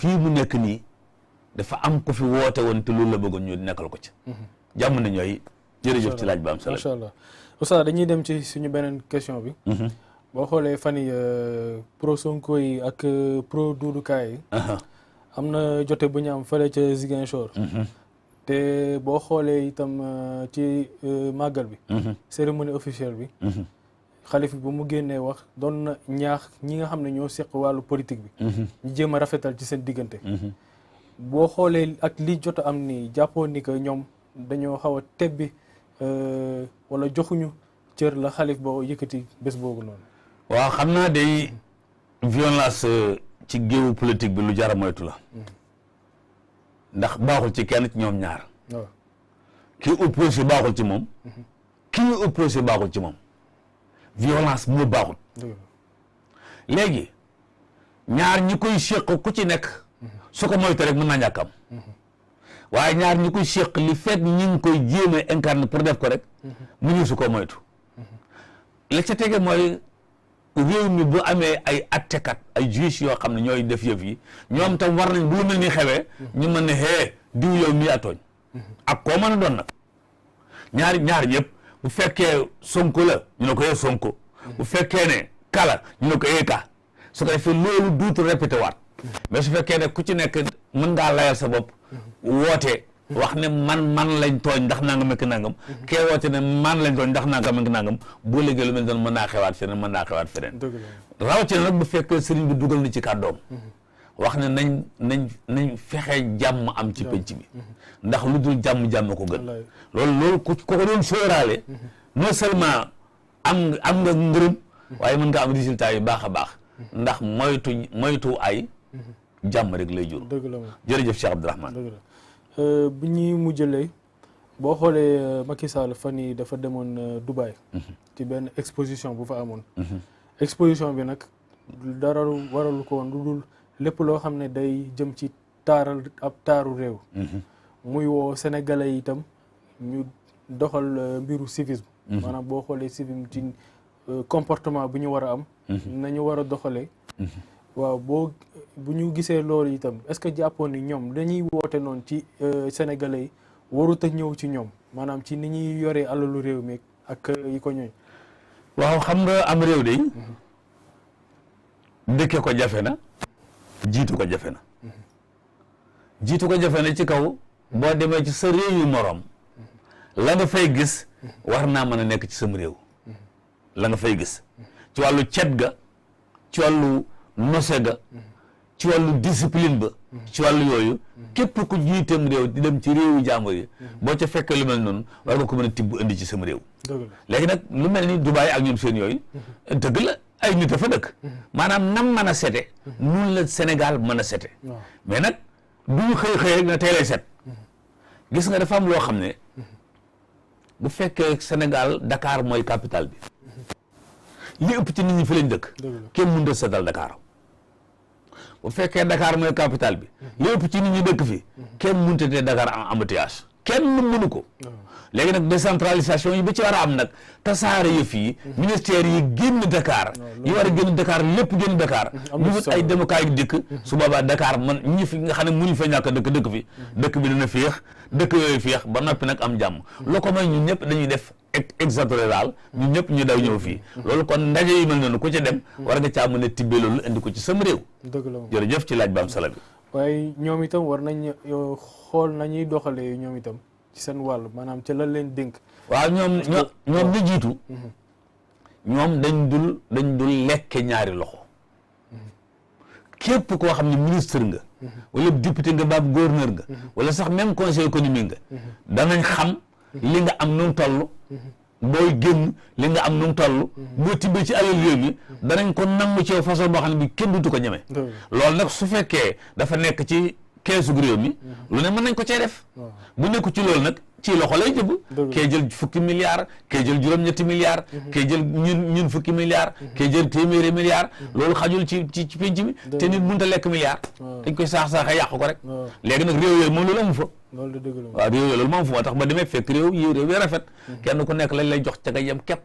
fii mu nekk nii dafa am ko fi woote woon te loolu la bëggoon ñu nekkal ko ci. Mhm. jàmm na ñooy. jërëjëf ci laaj bi am solo macha allah oustaz dañuy dem ci suñu beneen question bi. Mhm. boo xoolee fan yi euh, pro Sonko yi ak euh, pro Doudou Ka yi. am na jote bu ñu am fële ca Ziguinchor. Mhm. te boo xoolee itam euh, ci maggal bi. cérémonie officielle bi. xalif bi mu génnee wax doon na ñaax ñi nga xam ne ñoo seq wàllu politique bi mhm. ñu jéem a rafetal ci seen diggante mhm. boo xoolee ak li jot am ni jàppoon ni que ñoom dañoo xaw a tebbi euh, wala joxuñu cër la xalif boo yëkkati bés boobu noonu waa xam naa day violence euh, ci géewu politique bi lu jaramoytu moytu la mhm. ndax baaxul ci kenn ci ñoom ñaar ki opposé baaxul ci moom ki ñu opposé baaxul ci moom violence moo baaxut léegi ñaar ñi koy séq ku ci nekk su ko moytu rek mën naa ñàkkam waaye ñaar ñi koy séq li fekk ñi ngi koy jéem a incarné pour def ko rek mu ñu su ko moytu la ca tege mooy réew mi bu amee ay attekat ay juge yoo xam ne ñooy def yëf yi ñoom tam war nañ bu lu mel ni xewee ñu mën ne hee diw yow mii atooñ ak koo mën a doon nag ñaari ñaar ñëpp bu fekkee sonko la ñu ne ko yee sonko bu fekkee ne kala ñu ne ko yee ka su ko defee loolu duutu répété waat mais su fekkee ne ku ci nekk mën ngaa layal sa bopp woote wax ne man man lañ tooñ ndax nangam ak nangam kee woote ne man lañ tooñ ndax nangam ak nangam boo liggéey lu mel noonu mën naa xewaat feneen mën naa xewaat feneen rawatina nag bu fekkee sëriñ bi dugal na ci kàddoom wax ne nañ nañ nañ fexe jàmm am ci penc bi ndax lu dul jàmm-jàmm ko gën loolu loolu ko ko doon sóoraale mhm. non seulement am am nga ngërëm mhm. waaye mën nga am résultat yu baax a baax mhm. ndax moytu moytu ay jàmm rek lay jur dëgg la jërëjëf Cheikh Abdourahmane dëgg la euh, bu ñuy mujjëlee boo xoolee euh, Macky Sall fan yi dafa demoon euh, Dubaï ci benn exposition bu fa amoon exposition bi nag dara waralu ko lu dul lépp loo xam ne day jëm ci taaral ab taaru réew mhm. muy woo sénégalais itam ñu doxal euh, mbiru civisme mhm. maanaam boo xoolee civisme ci euh, comportement bu ñu war a am mhm. nañu war a doxalee waaw boo bu ñu gisee loolu itam est-ce que jàppoon ni ñoom dañuy woote noonu ci euh, sénégalais yi warut ñëw ci ñoom maanaam ci ni ñuy yoree alalu réew mi ak yi ko ñooñ waaw xam nga am réew de dëkke ko jafe na jiitu ko jafe na jiitu ko jafe na ci kaw boo demee ci sa réew yu moroom la nga fay gis war naa mën a nekk ci sam réew la nga fay gis ci wàllu cet ga ci wàllu nose ga ci wàllu discipline ba ci wàllu yooyu képp ku jiitam réew di dem ci réewu jàmbur yi boo ca fekkee lu mel noonu war nga ko mën a tibb indi ci sama réew léegi nag lu mel ni Dubaay ak ñoom seen yooyu dëgg la ay nit a fa dëkk mm-hmm. maanaam na mën a sete mm-hmm. nun la Sénégal mën a sete mais nag du ñu xëy xëy na tey set mm-hmm. gis nga dafa am loo xam ne bu fekkee senegal dakaar mooy capitale bi li ëpp ci nit ñi fi lañ dëkk kenn mënut a setal Dakar bu fekkee Dakar mooy capitale bi li ëpp ci nit ñi dëkk fi kenn mënut a te Dakar am embouteillage kenn mënu ko ah. léegi nag décentralisation yi ba ci war a am nag tasaare yëf fii mm-hmm. ministère yi génn Dakar ah, yi war a génn Dakar lépp génn dakaar mm-hmm. ñu wut ay demukaay yu su boobaa Dakar man ñi fi nga xam ne mënuñ fa ñàkk dëkk dëkk fi mm-hmm. dëkk bi dina féex dëkk yooyu féex ba noppi nag am jàmm loo ko may ñun ñëpp dañuy def exode rural ñun ñëpp ñu daw ñëw fii loolu kon ndaje yu mel noonu ko ci dem war nga caa mën a tibbee loolu indi ko ci sam réew jëf ci laaj ba am sala waaye ñoom itam war nañ xool nañuy doxalee ñoom itam ci seen wàll maanaam ci lan leen dénk. waaw ñoom ñoom ñu jiitu. Mm-hmm. ñoom dañ dul dañ dul lekk ñaari loxo. Mm-hmm. képp koo xam ne ministre nga. Mm-hmm. wala député nga baab gouverneur nga. wala sax même conseil économique nga. danañ xam. li nga am nu mu booy génn li nga am nu mu toll mm-hmm. boo tibbee ci alal réew mi mm-hmm. danañ ko nangu ci façon boo xam ne bi kenn dutu ko ñeme lool nag su fekkee dafa nekk ci keesu réew mi mm-hmm. lu ne mën nañ ko cee def oh. bu nekku ci loolu nag ci loxo lay jëb kee jël fukki milliards kee jël juróom-ñetti milliards kee jël ñun ñun fukki milliards kee jël téeméeri milliards loolu xajul ci ci ci penc mi te nit mënut a lekk milliards oh. dañ koy saax-saaxee yàq ko rek oh. léegi nag réew yooyu moom loolu amu fa loolu dëgg la waaw réew loolu moom fu ma tax ba demee fekk réew yi réew yi rafet. Mm-hmm. kenn ku nekk lañ lay jox ca yem képp.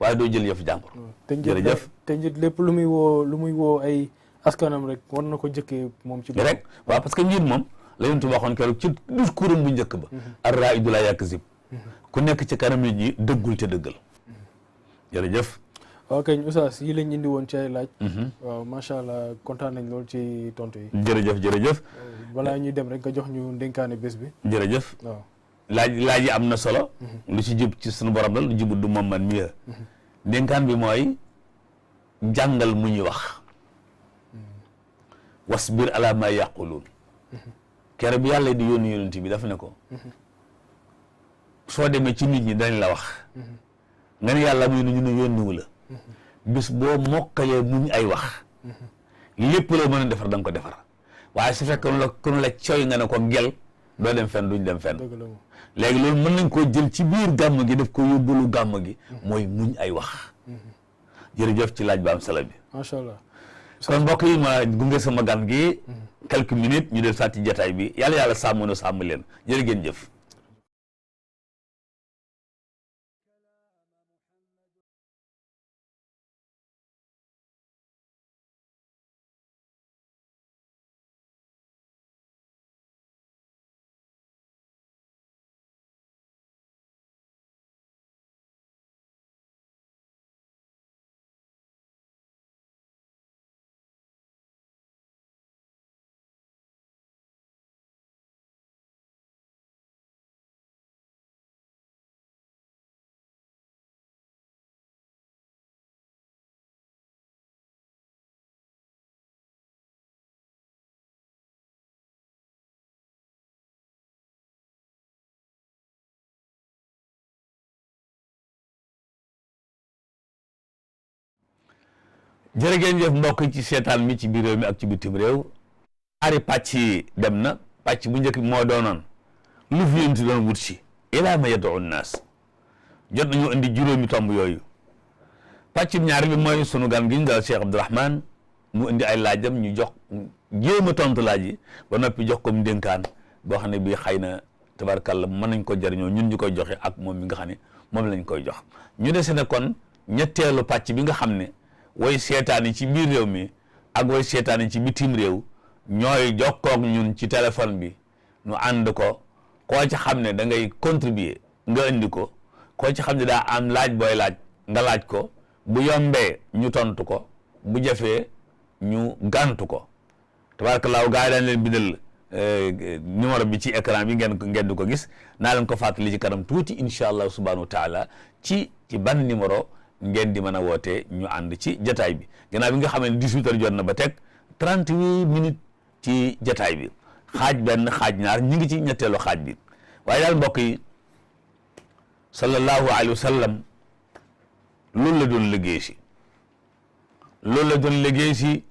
waaye doo jël yëf jàmbur. Mm-hmm. jërëjëf te njët lépp lu muy woo lu muy woo ay askanam rek war na ko njëkkee moom ci. rek waaw parce que njiit moom la ñu waxoon keroog ci discours am bu njëkk ba. Mm-hmm. ar-raa'iy laa yakzib ku nekk ci kanam nit ñi dëggul te dëggal. waaw kay Oustaz yi lañ indi woon ci laaj. Mhm. waaw macha allah kontaan nañ lool ci tontu yi. jërëjëf jërëjëf. balaa ñuy dem rek nga jox ñu ndénkaane bés bi. jërëjëf waaw. laaj laaj yi am na solo. Mhm. lu ci jub ci sunu borom la lu jibut du moom man mi mhm. ndénkaan bi mooy jàngal mu ñuy wax. wasbir ala ma yaquluun. kere bi yàlla di yónni yonent bi daf ne ko. soo demee ci nit ñi dañ la wax. nga ne yàlla muy nu ñu ne yónniwu la. bis boo mokkalee muñ ay wax lépp loo mën a defar danga ko defar waaye su fekkoon la kon la coy nga ne ko gel doo dem fenn duñ dem fenn léegi loolu mën nañ koo jël ci biir gàmm gi def ko yóbbalu gàmm gi mm-hmm. mooy muñ ay wax mm-hmm. jërëjëf ci laaj bi am sala bi macha allah kon mbokk yi ma gunge sama gan gi mm-hmm. quelques minutes ñu del saati jataay bi yàlla yàlla sàmm na sàmm leen jërë ngeen jëf jërëgeen jëf mbokk ci seetaan mi ci biir réew mi ak ci bitim réew ari pàcc yi dem na pàcc bu njëkk bi moo doonoon lu fi yénti doon wut si ilaa ma yad'u naas jot nañu indi juróomi tomb yooyu pàcc ñaar bi mooy sunu gan gi ñu dal Cheikh Abdourahmane mu indi ay laajam ñu jox jéem a tontu laaj yi ba noppi jox ko mu dénkaan boo xam ne bii xëy na tabarkàlla mën nañ ko jëriñoo ñun ñu koy joxe ak moom mi nga xam ne moom lañ koy jox ñu dese ne kon ñetteelu pàcc bi nga xam ne woy seetaan ci biir réew mi ak way seetaan ci bitim réew ñooy jokkook ñun ci téléphone bi nu ànd ko koo ci xam ne da ngay contribuer nga indi ko koo ci xam ne daa am laaj booy laaj nga laaj ko bu yombee ñu tontu ko bu jafee ñu gàntu ko tabarakallahu gaa yi daan leen bindal euh, numéro bi ci écran bi ngeen ngeen di ko gis naa leen ko fàttali ci kanam tuuti incha allah subhanahu wa taala ci ci ban numéro ngeen di mën a wootee ñu ànd ci jataay bi gannaaw bi nga xam ne 18 heures jot na ba teg 38 minutes ci jataay bi xaaj benn xaaj ñaar ñu ngi ci ñetteelu xaaj bi waaye daal mbokk yi sallallahu alayhi wa sallam loolu la doon liggéey si la doon liggéey si